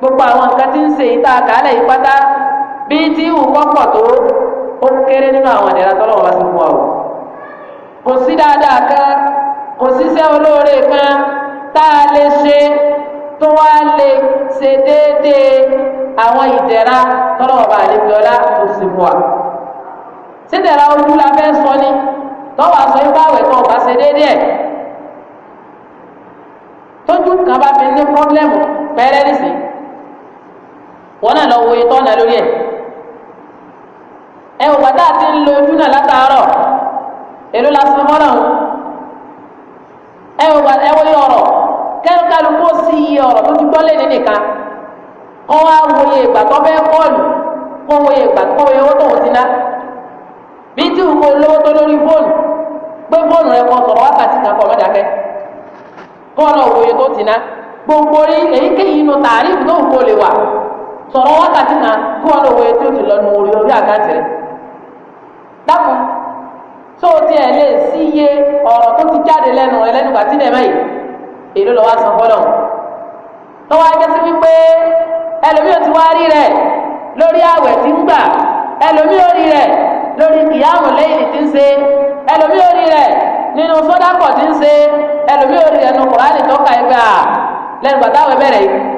gbogbo àwọn nǹkan tí ń ṣe ìta àkàlẹ̀ yìí pátá bíi tí ìwúkọ́ pọ̀ tó
ó kéré nínú àwọn ìdẹ̀ra tọ́lọ́wọ́ bá ti mú ọ. kò sí dáadáa kan
kò síṣẹ́ olóore kan tá a lè ṣe tó wá lè ṣe déédéé àwọn ìdẹ̀ra tọ́lọ́wọ́ bá lè fi ọlá tó sì mú ọ. sídẹ̀ra ojú la fẹ́ sọ ni tọ́wọ́ àṣọ ibà àwẹ̀ kan ọ̀bá ṣe déédéé ẹ̀ tójú kan bá fi ní pọ́blẹ́mù pẹ́rẹ́ nísìnyí wọn náà lọ wo itọ́ náà lórí ẹ̀ ẹ ò bàtà àti ń ojú náà látàárọ̀ èló la sinmi mọ́nà o ẹ ò bàtà ẹ wọlé ọ̀rọ̀ kẹ́rìkàlù kó sí iye ọ̀rọ̀ tó ti gbọ́ lé nìkan kọ́ wá wòye ìgbà tó fẹ́ kọ́ọ̀lù kọ́ wòye ìgbà tó wòye owó tó ń sin náà bí tí o kò lówó tó lórí fóònù gbé fóònù rẹ kọ sọ̀rọ̀ wákàtí kan kọ́ mọ́dàkẹ́ kọ́ ọ̀nà òwòye tó ti ná gbogbo èyíkéyìí inú tààrí ìbùdó òkú lè wà sọ̀rọ̀ wákàtí kan kí wọ́n lò wọ etí òtún lọ́nu orí orí àkáǹtì rẹ̀ dákun tó o tiẹ̀ lè sí iye ọ̀rọ̀ tó ti jáde lẹ́nu rẹ̀ lẹ́nu bàtí nẹ̀mẹ́ yìí èló lọ́wọ́ san fọ́lọ̀ lọ́wọ́ ajé sí wípé ẹlòmíì ò ti wá rí rẹ̀ lórí àwẹ̀ tí ń gbà ẹlòmíì ò rí rẹ̀ lórí kìyàmù lẹ́yìn tí ń ṣe ẹlòmíì ò rí rẹ̀ nínú sọ́dákọ̀ tí ń ṣe ẹlòmíì ò rí rẹ̀ nínú kùránì tó ka ẹgbẹ́ à lẹ́nu bàtà àwẹ̀ bẹ̀rẹ̀ yìí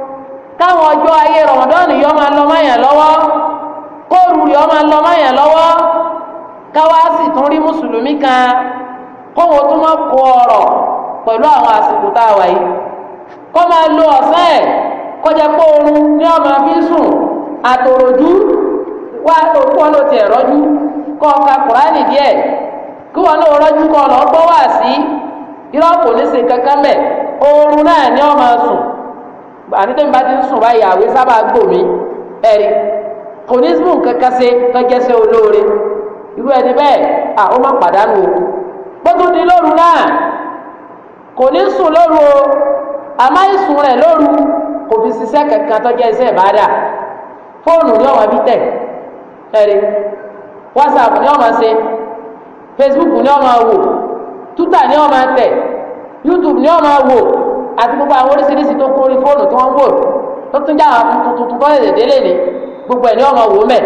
káwọn ọjọ́ ayé rọmọdọ́ọ̀nù yọ máa lọ lọ́wọ́ kóòrù yọ máa lọ ma lọ́wọ́ lọwọ sì tún rí mùsùlùmí kan kóhun tó máa kó ọrọ̀ pẹ̀lú àwọn àsìkò tá a wà yìí kó máa lo ọ̀sán ẹ̀ kọjá pé ní ọmọ sùn àtòròjú wá òkú ọ̀nà tiẹ̀ rọ́jú kọ́ kùránì díẹ̀ kọ́ wà sí irọ́ kò ní ṣe kankan mẹ́ náà ànítẹ́mi bá ti ń sùn báyìí àwẹ̀ sábà gbò mí ẹ̀rí kò ní sùn kankan ṣe tọ́jẹ́sẹ́ olóore irú ẹni bẹ́ẹ̀ à ó má pàdánù o gbọ́dọ̀ di lóru náà kò ní sùn lóru o àmọ́ ìsùn rẹ̀ lóru kò fi ṣiṣẹ́ kankan tọ́jẹ́sẹ́ ìbáradà fóònù ni ọ̀wá bí tẹ̀ ẹ̀rí whatsapp ni ọ̀ma ṣe facebook ni ọ̀ma wò twitter ni ọ̀ma tẹ̀ youtube ni ọ̀ma wò àti gbogbo àwọn oríṣiríṣi tó kún orí fóònù tí wọ́n ń wò tó tún já àwọn tuntun tó lè délé ní gbogbo ẹ̀ ní ọmọ wò mẹ́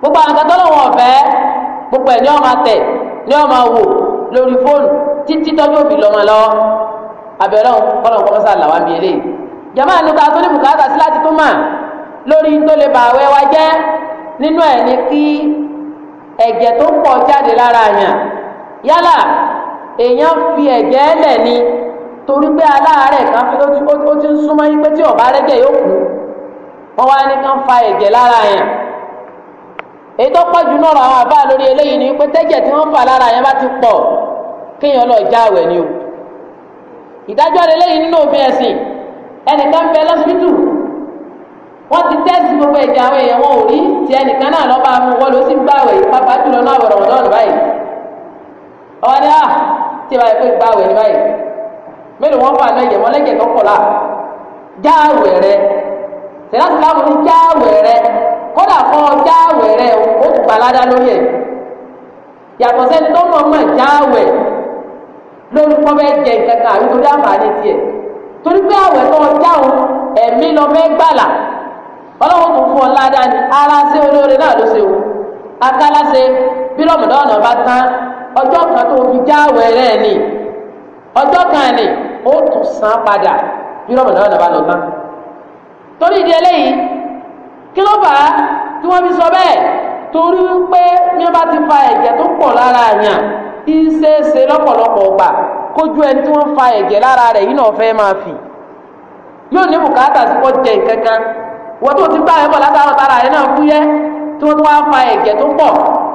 gbogbo àwọn kan tó lọ́wọ́ ọ̀fẹ́ gbogbo ẹ̀ ní ọmọ tẹ̀ ní ọmọ wò lórí fóònù títí tọ́jú òbí lọ́mọ lọ́wọ́ abẹ́rẹ́ kọ́lọ̀ kọ́mọ́sá làwọn àbí eléyìí jama nu ka tóni bùkátà sí láti tó mà lórí tó lè bà wẹ́ wa jẹ́ nínú ẹ̀ ní kí ẹ̀jẹ̀ tó pọ̀ jáde lára àyàn yálà èèyàn fi ẹ̀jẹ̀ lẹ̀ ni torí pé aláàárẹ̀ kan fi ó ti ń súnmọ́ yín pé tí ọ̀bá rẹ́jẹ̀ yóò kú wọ́n wá ní kán fa ẹ̀jẹ̀ lára yẹn èyí tó pọ̀ jù náà àwọn àbá lórí eléyìí ni pé tẹ́jẹ̀ tí wọ́n fà lára yẹn bá ti pọ̀ kéèyàn lọ já àwẹ̀ ni o ìdájọ́ eléyìí nínú òfin ẹ̀sìn ẹnìkan bẹ lọ́sibítù wọ́n ti tẹ́sí gbogbo ẹ̀jẹ̀ àwọn èèyàn wọn ò rí ti ẹnìkan náà lọ́ba mú wọn ló sì gbà àwẹ̀ jùlọ náà àwẹ̀ rọ̀mọ̀dọ́ọ̀nù báyìí ọ̀wọ́n ni à ah, tí ìbáyìí pé gbà ni báyìí mélòó wọn fà lẹ́jẹ̀ wọn lẹ́jẹ̀ tó pọ̀ la jáwèé rẹ sẹ́láṣí láwọn ní jáwèé rẹ kódà kọ́ jáwèé rẹ ó gbalada lórí ẹ̀ yàtọ̀ sẹ́ni tó mọ̀ mọ̀ jáwèé lórí kọ́ bẹ́ẹ̀ jẹ kankan àbí torí àǹfààní tiẹ̀ torí pé àwẹ̀ tó jáwọ́ ẹ̀mí lọ bẹ́ẹ̀ gbàlà ọlọ́wọ́ tó fún ọ ládàá ni ara ṣe olóore náà ló ṣe o akálá ṣe bí lọ́mọdé ọ̀nà bá tán ọjọ́ kan tó fi jáwèé rẹ̀ ni ọjọ́ kan ni ó tún san padà bí rọmọdé náà bá lọ tán torí ìdí eléyìí kí ló fà á tí wọ́n fi sọ bẹ́ẹ̀ torí pé ní wọ́n bá ti fa ẹ̀jẹ̀ tó pọ̀ lára àyàn ìṣeéṣe lọ́pọ̀lọpọ̀ gbà kójú ẹni tí wọ́n fa ẹ̀jẹ̀ lára rẹ̀ yìí náà fẹ́ máa fì yóò ní bùkátà sí kó jẹ nǹkan kan wọ́n tó ti gbá ẹ̀ bọ̀ látàrọ̀ tára rẹ̀ náà kú yẹ́ tí wọ́n tún wá fa ẹ̀jẹ̀ tó pọ̀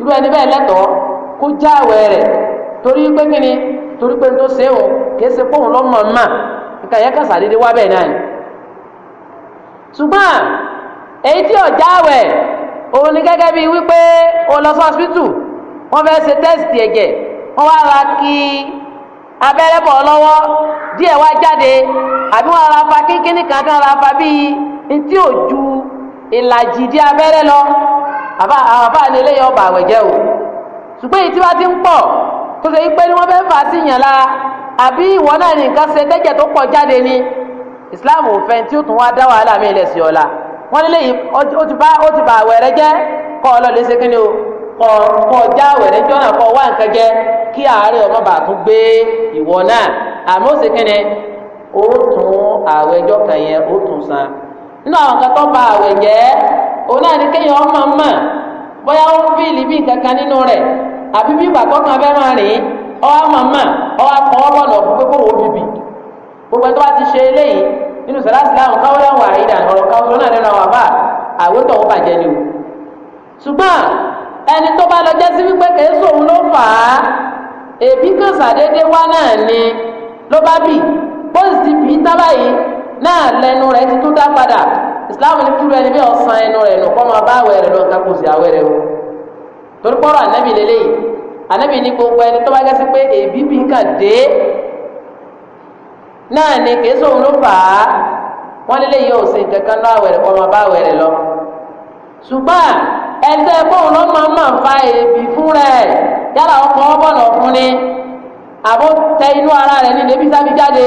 irú ẹni bẹ́ẹ̀ lẹ́tọ̀ọ́ kó já àwẹ̀ rẹ̀ torí pé kíni torí pé n tó ṣe òun kìí ṣe pé òun lọ́ mọ̀ mọ̀ nǹkan yẹn kàṣà dédé wá bẹ́ẹ̀ náà ṣùgbọ́n èyí tí ò já àwẹ̀ òun ni gẹ́gẹ́ bíi wípé o lọ sí ọsibítù wọ́n fẹ́ ṣe tẹ́sítì ẹ̀jẹ̀ wọ́n wá ra kí abẹ́rẹ́ bọ̀ lọ́wọ́ díẹ̀ wá jáde àbí wọ́n ra fa kínkínní kan tí ra fa bíi ntí ò ju ìlàjì dí abẹ́rẹ́ lọ àbá àbá ni eléyìí ọba àwẹ̀ jẹ́ o ṣùgbọ́n èyí tí wọ́n ti ń pọ̀ tó ṣe pé ni wọ́n fẹ́ fà á sí yàn lára àbí ìwọ náà ní nǹkan ṣe tẹ́jẹ̀ tó pọ̀ jáde ni Islam ò fẹ́ tí ó tún wá dá wàhálà mi ilẹ̀ sí ọ̀la wọ́n lé lẹ́yìn ó ti bá ó ti bá àwẹ̀ rẹ jẹ́ kọ́ ọ lọ́ọ́ lé ṣe kí ni o kọ́ kọ́ já àwẹ̀ rẹ jọ́nà kọ́ wá nǹkan jẹ kí àárẹ̀ ọmọ bàá tún gbé ìwọ náà àmọ́ ṣe ni ó tún àwẹ̀ ẹjọ́ yẹn ó tún san nínú àwọn kan tó ba àwẹ̀ jẹ́ òun náà ni kéèyàn ọmọ mọ̀ bóyá ó ń fìlì bí nǹkan kan nínú rẹ̀ àbí bí ìgbà tó kan fẹ́ máa rìn ọwọ́ mọ̀ mọ̀ ọwọ́ akọ̀ ọwọ́ bọ̀lọ̀ fún pé kó wò ó bìbì gbogbo ẹni tó bá ti ṣe eléyìí nínú sàlásìlá àwọn káwọlẹ́ wà ayé ọ̀rọ̀ káwọlẹ́ náà lẹ́nu àwọn àbá àwé tó ń bàjẹ́ ni o ṣùgbọ́n ẹni tó bá lọ jẹ́ sí wípé kèé sóun ló fà á èbí kan ṣàdédé wá náà ni ló bá bì bó sì bì í tábàyìí náà lẹnu rẹ ti tún dá padà ìsìláàmù ní kíru ẹni bí ọ̀sán ẹnu rẹ nù kọ́mọ bá àwẹ̀ rẹ lọ nǹkan kò sí àwẹ̀ rẹ o torí pọ́rọ̀ ànábì lélẹ́yìn ànábì ní gbogbo ẹni tó bá gẹ́sí pé èbí bí kàn dé náà ni kì í sóhun ló fà á wọ́n lélẹ́yìn ò sí nǹkan kan lọ àwẹ̀ rẹ kọ́mọ bá àwẹ̀ rẹ lọ ṣùgbọ́n ẹ̀ńtẹ́ bóun ló máa máa fa èbí fún rẹ yálà ọkọ̀ ọ àbó tẹ inú ara rẹ ní débi sábì jáde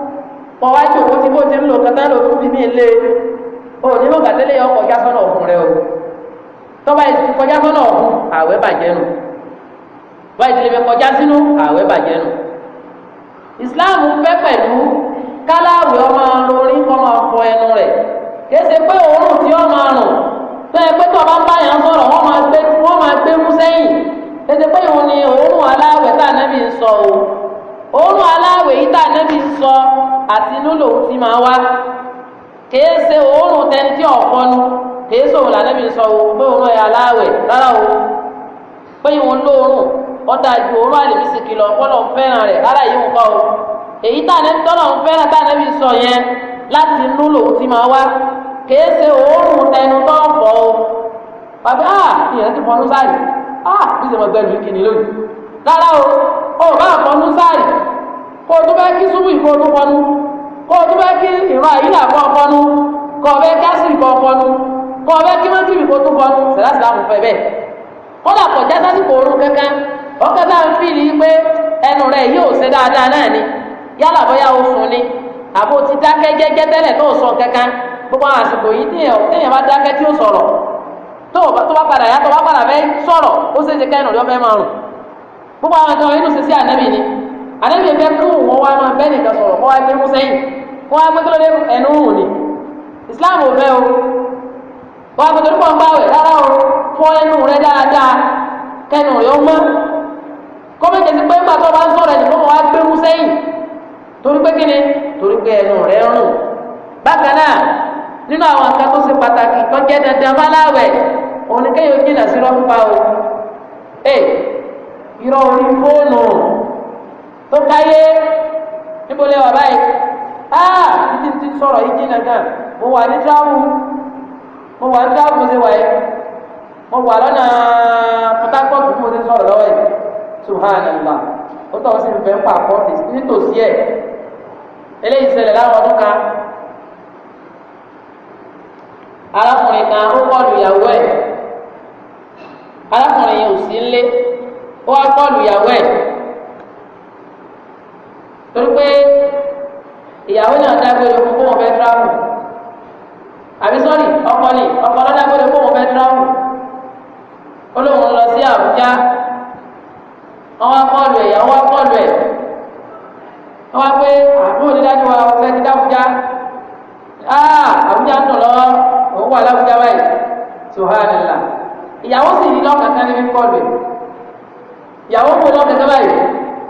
ọwá tí òkú ti bó ti ń lò bi ló O fi ní ilé òní ló gbà tẹ́lẹ̀ kọjá sọ́nà rẹ o tọ́ba kọjá sọ́nà ọ̀fun àwẹ̀ bàjẹ́ nù tọ́ba ìsìn kọjá sínú àwẹ̀ bàjẹ́ nù ìsìláàmù fẹ́ pẹ̀lú ọmọ lórí ọkọ ẹnu rẹ̀ kése pé òórùn tí ọmọ rùn tó ẹ pé tọ́ba ń sọ̀rọ̀ wọ́n máa gbé òórùn aláwẹ̀ yìí tá nẹ́bí sọ àti lólò ti máa wá kèé ṣe òórùn tẹ́ntí ọ̀pọ̀nu kèé ṣe òun lànẹ́bí sọ òun pé òun ẹ̀ aláwẹ̀ rárá o pé ìwọ̀n lóòórùn ọ̀dà ju òórùn àlèmísìkì lọ ọ̀pọ̀lọ̀ fẹ́ràn rẹ̀ rárá yìí ń kọ́ o èyí tá nẹ́bí tọ́lọ̀ ń fẹ́ràn tá nẹ́bí sọ yẹn láti lólò ti máa wá kèé ṣe òórùn tẹnu tó o bàbá ah ìyẹn ti fọnú sáyì ah bí ṣe mọ gbẹnu kìnnì rárá o o bá àkọnú sáàrì kó o tún kí súnmù ìfò o tún kọnu kó o kí ìran àyílà kọ́ kọnu kọ́ ọ bẹ́ẹ̀ kí ásìrì kọ́ kọnu ọ kí mọ́tìrì kó o fẹ́ bẹ́ẹ̀ kọ̀ kankan ọkọ̀ ń pé ẹnu rẹ̀ yóò ṣe dáadáa náà ni yálà o sùn ni àbò ti dákẹ́ jẹ́jẹ́ tẹ́lẹ̀ tó sọ kankan gbogbo àsìkò yìí téèyàn bá dákẹ́ gbogbo àwọn kan nínú sísí ànábì ni ànábì ẹgbẹ́ kí wọn wá máa bẹ́ẹ̀ nìkan sọ̀rọ̀ kọ́ wá gbé mú sẹ́yìn kọ́ wá gbé tó lé ẹnu rùn ni Islam ò fẹ́ o wọ́n á gbẹ̀dọ̀ pọ̀ ń báwẹ̀ rárá o fọ́ ẹnu rẹ dáadáa kẹnu rẹ ó mọ́ kọ́mẹ́tẹ̀ sí pé ńgbà tó bá ń sọ̀rọ̀ ẹ̀jẹ̀ lọ́wọ́ wá gbé mú sẹ́yìn torí pé kíni torí pé ẹnu rẹ rùn bákan náà nínú àwọn nǹkan tó ṣe pàtàkì tó jẹ́ dandan fáláwẹ̀ òun ni kéèyàn jìnnà sí rọ́pùpá o irọ́ orí fóònù tó káyé níbo lẹ́wà báyìí áà ah, títí ti sọ̀rọ̀ yìí jìnnà gan mo wà ní tíráwù mo wà ní tíráwù mo ṣe wà yìí mo wà lọ́nà pátákọ́ọ̀tù mo ṣe sọ̀rọ̀ lọ́wọ́ yìí subhanallah ó tọ́ sí ìfẹ́ ń pa àpọ́tì nítòsí ẹ̀ eléyìí ṣẹlẹ̀ láwọn ọdún kan arákùnrin kan ó kọlù ìyàwó ẹ̀ arákùnrin yẹn ò sí ń lé. ó wá ìyàwó ẹ̀ torí pé ìyàwó náà dágbére fún kó wọn fẹ́ tíráàmù àbí sọ́ọ̀rì ọkọ ni ọkọ náà dágbére fún wọn fẹ́ ó lóun lọ sí Àbújá wọn wá ẹ̀ ìyàwó wá ẹ̀ wá pé àbúrò ní dájú wa ti
ah, àbújá ń dùn lọ́wọ́ òun wà
ẹ̀.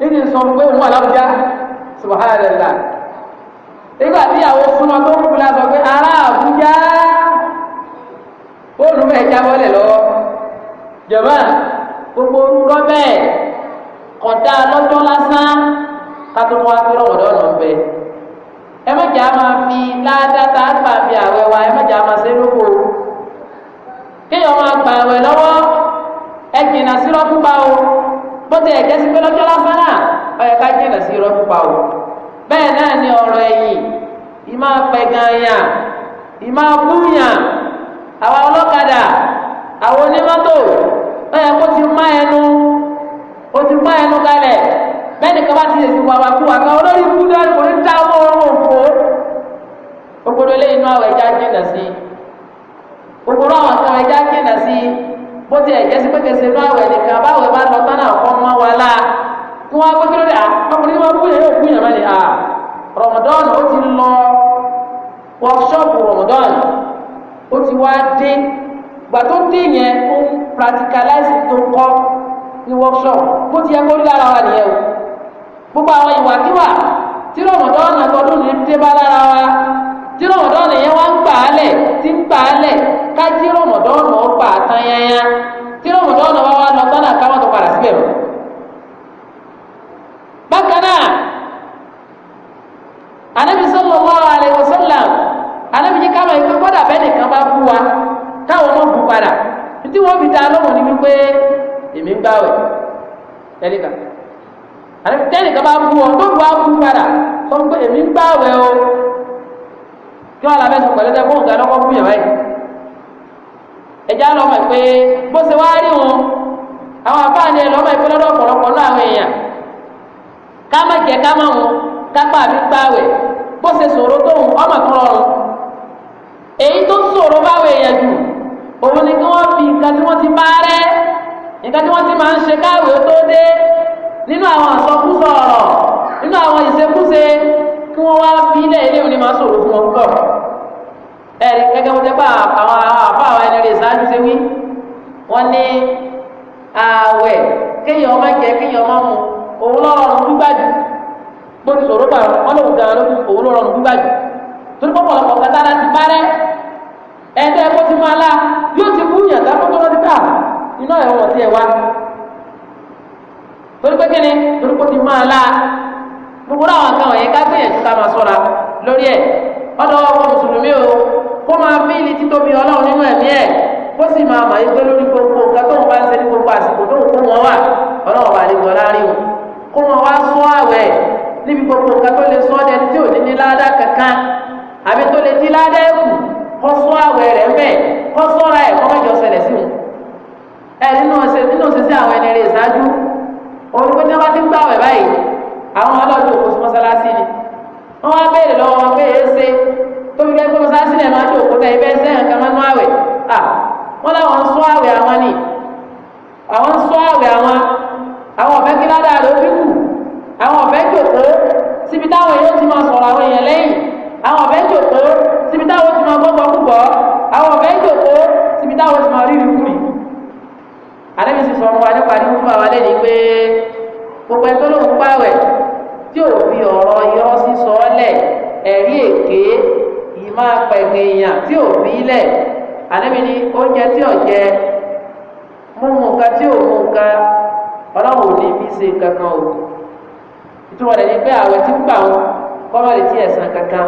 níbi sọ̀rọ̀ pé òun àlàbùjá subhanallah nígbà tí àwọn súnmọ́ tó ń kula sọ pé ará àbújá bóòlù bẹ́ẹ̀ jábọ́lẹ̀ lọ́wọ́ jẹ̀mọ́ gbogbo orúkọ bẹ́ẹ̀ kọ̀dá lọ́jọ́ lásán kátóló wá pé lọ́wọ́ lọ́nà ọ̀bẹ ẹ má jà máa fi ládàtà gbà bí àwẹ̀ wa ẹ má jà máa ṣe lóko kéèyàn máa gbà àwẹ̀ lọ́wọ́ ẹ jìnnà sí lọ́kùnbá o bọ́tẹ̀ ẹ̀jẹ̀ sí pé lọ́jọ́ lásán náà ọ̀yẹ̀ ká jìnà sí irọ́ pípa o bẹ́ẹ̀ náà ni ọ̀rọ̀ ẹ̀yìn ìmọ̀ pẹ̀gànyà ìmọ̀ búyà àwa ọlọ́kadà àwọn onímọ́tò ọ̀yẹ̀ kó ti má ẹnu ó ti má ẹnu kalẹ̀
bẹ́ẹ̀ ni kaba ti lè ti wàwà kú àgbà olórí kú náà kò ní dá owó ọ̀rọ̀ òfò
òkòrò lẹ́yìn náà ẹ̀jẹ̀ jìnà sí òkòrò àwọn sọ̀rọ̀ ẹ̀jẹ̀ jìnà sí bó ti ẹ̀jẹ̀ sí pẹ́kẹ́ ṣe lọ àwẹ̀ nìkan báwẹ̀ bá lọ tán náà kọ́ mọ́ wa la kí wọ́n á gbé kílódé à ọkùnrin wọn kú yẹn yóò kú yẹn mọ́ni à Ramadan ó ti lọ workshop Ramadan ó ti wá dé gbà tó dé yẹn ó ń practicalize tó kọ́ ní workshop bó ti yẹ kó rí lára wa nìyẹn o gbogbo àwọn ìwàkiwà tí Ramadan àtọ́dún ní dé bá lára wa. tí rọmọdọ́ọ̀nù yẹn wá ń gbà á lẹ̀ tí ń gbà á lẹ̀ ká tí rọmọdọ́ọ̀nù ó gbà á tán yányá tí rọmọdọ́ọ̀nù wá wá lọ tán náà ká má tó padà síbẹ̀ lọ. bákan náà anabi sallallahu alaihi anabi yìí ká máa ń wa káwọn ọmọ padà tí fi ni wípé èmi ń ọ padà kí wọn làbẹ sùn pẹ̀lú tẹfóònù tó ẹlọkọ fún yàn báyìí ẹjẹ alọmọ pé bó ṣe wá rí wọn àwọn afáàní ẹlọmọ ìpínlẹ̀ ọ̀pọ̀lọpọ̀ náà àwọn èèyàn ká má jẹ ká má wọn kápá àbí gbáwẹ bó ṣe ṣòro tóun ọmọ tó rọrùn èyí tó ṣòro báwọ èèyàn jù òun ni kí wọn fi nǹkan tí wọn ti bá rẹ nǹkan tí wọn ti máa ń ṣe káwé tó dé nínú àwọn àsọkúsọ ọ̀rọ̀
nínú àwọn ìṣekúṣe
kí wọ́n wá bí ilé ilé òní máa
sọ̀rọ̀ fún wọn
ẹ̀rí gẹ́gẹ́ àwọn àbá àwọn ẹni rè sáájú ṣe wí wọ́n ní ààwẹ̀ kéèyàn máa jẹ kéèyàn máa mu òun gbígbàjù bó ti wọ́n lòun gan òun gbígbàjù torí ti máa la yóò ti kú ká iná gbogbo àwọn nǹkan wọ̀nyẹn ká gbìyànjú ká máa sọ́ra lórí ẹ̀
ọ̀dọ̀ ọkọ̀ mùsùlùmí o kó máa fi ilé títóbi ọlọ́run nínú ẹ̀mí ẹ̀
kó sì máa mọ̀ ẹgbẹ́ lórí gbogbo nǹkan tóun bá ń ṣe ní gbogbo àsìkò tóun kó wọn wà ọlọ́run bá lè wọ láàrin o kó wọn wá sọ àwẹ̀ níbi gbogbo nǹkan tó lè sọ ọ́ dẹni tí ò ní ní ládá kankan àbí tó lè dí ládá ẹ̀kú kó sọ àwẹ̀ rẹ̀ ń bẹ̀ kó sọ́ra ẹ̀ kó mẹ́jọ ṣẹlẹ̀ sí wọn. ẹ nínú ṣe nínú ṣiṣẹ́ àwọn ẹni rẹ̀ ṣáájú orúkọ tí wọ́n bá ti ń gbà báyìí àwọn alájò òkú sí mọ́sálásí ni wọ́n wá béèrè lọ́wọ́ wọn pé èé ṣe
tó fi fẹ́ pé mọ́sálásí náà máa jò òkúta ibẹ̀ sẹ́yìn kan mọ́nú àwẹ̀ à
wọ́n láwọn ń sọ àwẹ̀ àwọn ni àwọn ń sọ àwẹ̀ àwọn àwọn ọ̀fẹ́ kí ládàá ló fi kù àwọn ọ̀fẹ́ jòkó síbi táwọn yóò ti máa sọ̀rọ̀ àwọn èèyàn lẹ́yìn àwọn ọ̀fẹ́ jòkó síbi táwọn ti máa gbọ́gbọ́ púpọ̀ àwọn ọ̀fẹ́ jòkó síbi táwọn ti máa rí ìrìkúrì àlẹ́ mi sì sọ fún wa nípa ní fún bàbá lẹ́yìn pé gbogbo ẹni tó ló ń pààwẹ̀ tí ò fi ọ̀rọ̀ irọ́ sísọ lẹ̀ ẹ̀rí èké ìmọ̀ apẹ̀gbẹ̀ èèyàn tí ò fi lẹ̀ ànábi ni oúnjẹ tí ò jẹ múmu nǹkan tí ò mu nǹkan ọlọ́run ò ní fi ṣe kankan o ìtumọ̀ rẹ̀ ni pé àwẹ̀ ti ń gbà wọn kọ́mọ̀lì tí ẹ̀sán kankan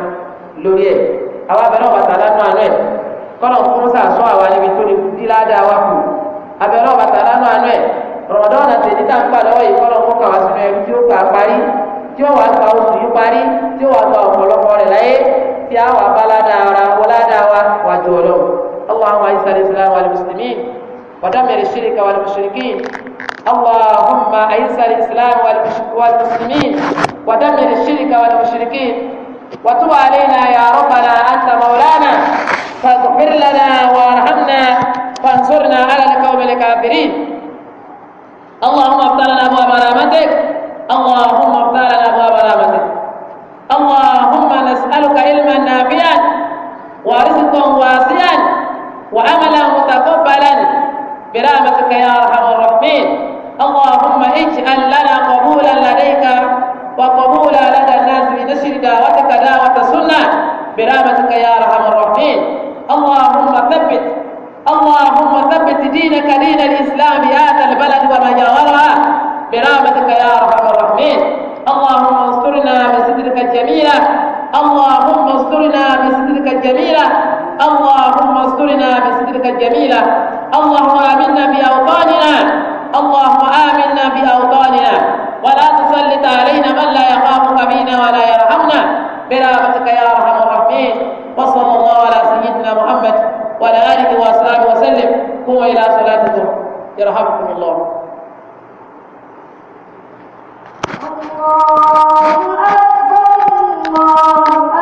lórí ẹ̀ àwa bẹ̀rẹ̀ ọ̀bàtà lánàá àánú ẹ̀ kọ́nà ń sàṣọ àwa níbi tó ní díládàá wa kù àbẹ̀rẹ̀ ọ̀bàtà lánàá àánú ẹ̀ rọ̀mọdọ́n àti èyí tá à ń gbà lọ́wọ́ yìí kọ́lọ́ fún kàwá sínú ẹrú tí ó gbà parí tí ó wàá gba oṣù yìí parí tí ó wàá gba ọ̀pọ̀lọpọ̀ rẹ̀ láyé tí a wà bá ládàá ara wọ ládàá wa wà jù ọ̀lọ́ اللهم اعز الاسلام والمسلمين ودمر الشرك والمشركين اللهم اعز الاسلام والمسلمين ودمر الشرك والمشركين وتب علينا يا ربنا انت مولانا فاغفر لنا وارحمنا وانصرنا على القوم الكافرين اللهم افتح لنا ابواب رحمتك اللهم افتح لنا ابواب رحمتك اللهم نسالك علما نافعا ورزقا واسعا وعملا متقبلا برحمتك يا ارحم الراحمين اللهم اجعل لنا قبولا لديك وقبولا لدى الناس لنشر دعوتك دعوه السنه برحمتك يا ارحم الراحمين اللهم ثبت اللهم ثبت دينك دين الإسلام هذا البلد وما جاورها برحمتك يا أرحم الراحمين اللهم استرنا بسترك الجميلة اللهم استرنا بسترك الجميلة اللهم استرنا بسترك الجميلة اللهم آمنا بأوطاننا اللهم آمنا بأوطاننا ولا تسلط علينا من لا يخافك فينا ولا يرحمنا برحمتك يا أرحم الراحمين وصلى الله على سيدنا محمد وعلى آله وأصحابه وسلم قوموا إلى صلاتكم يرحمكم الله الله
أكبر الله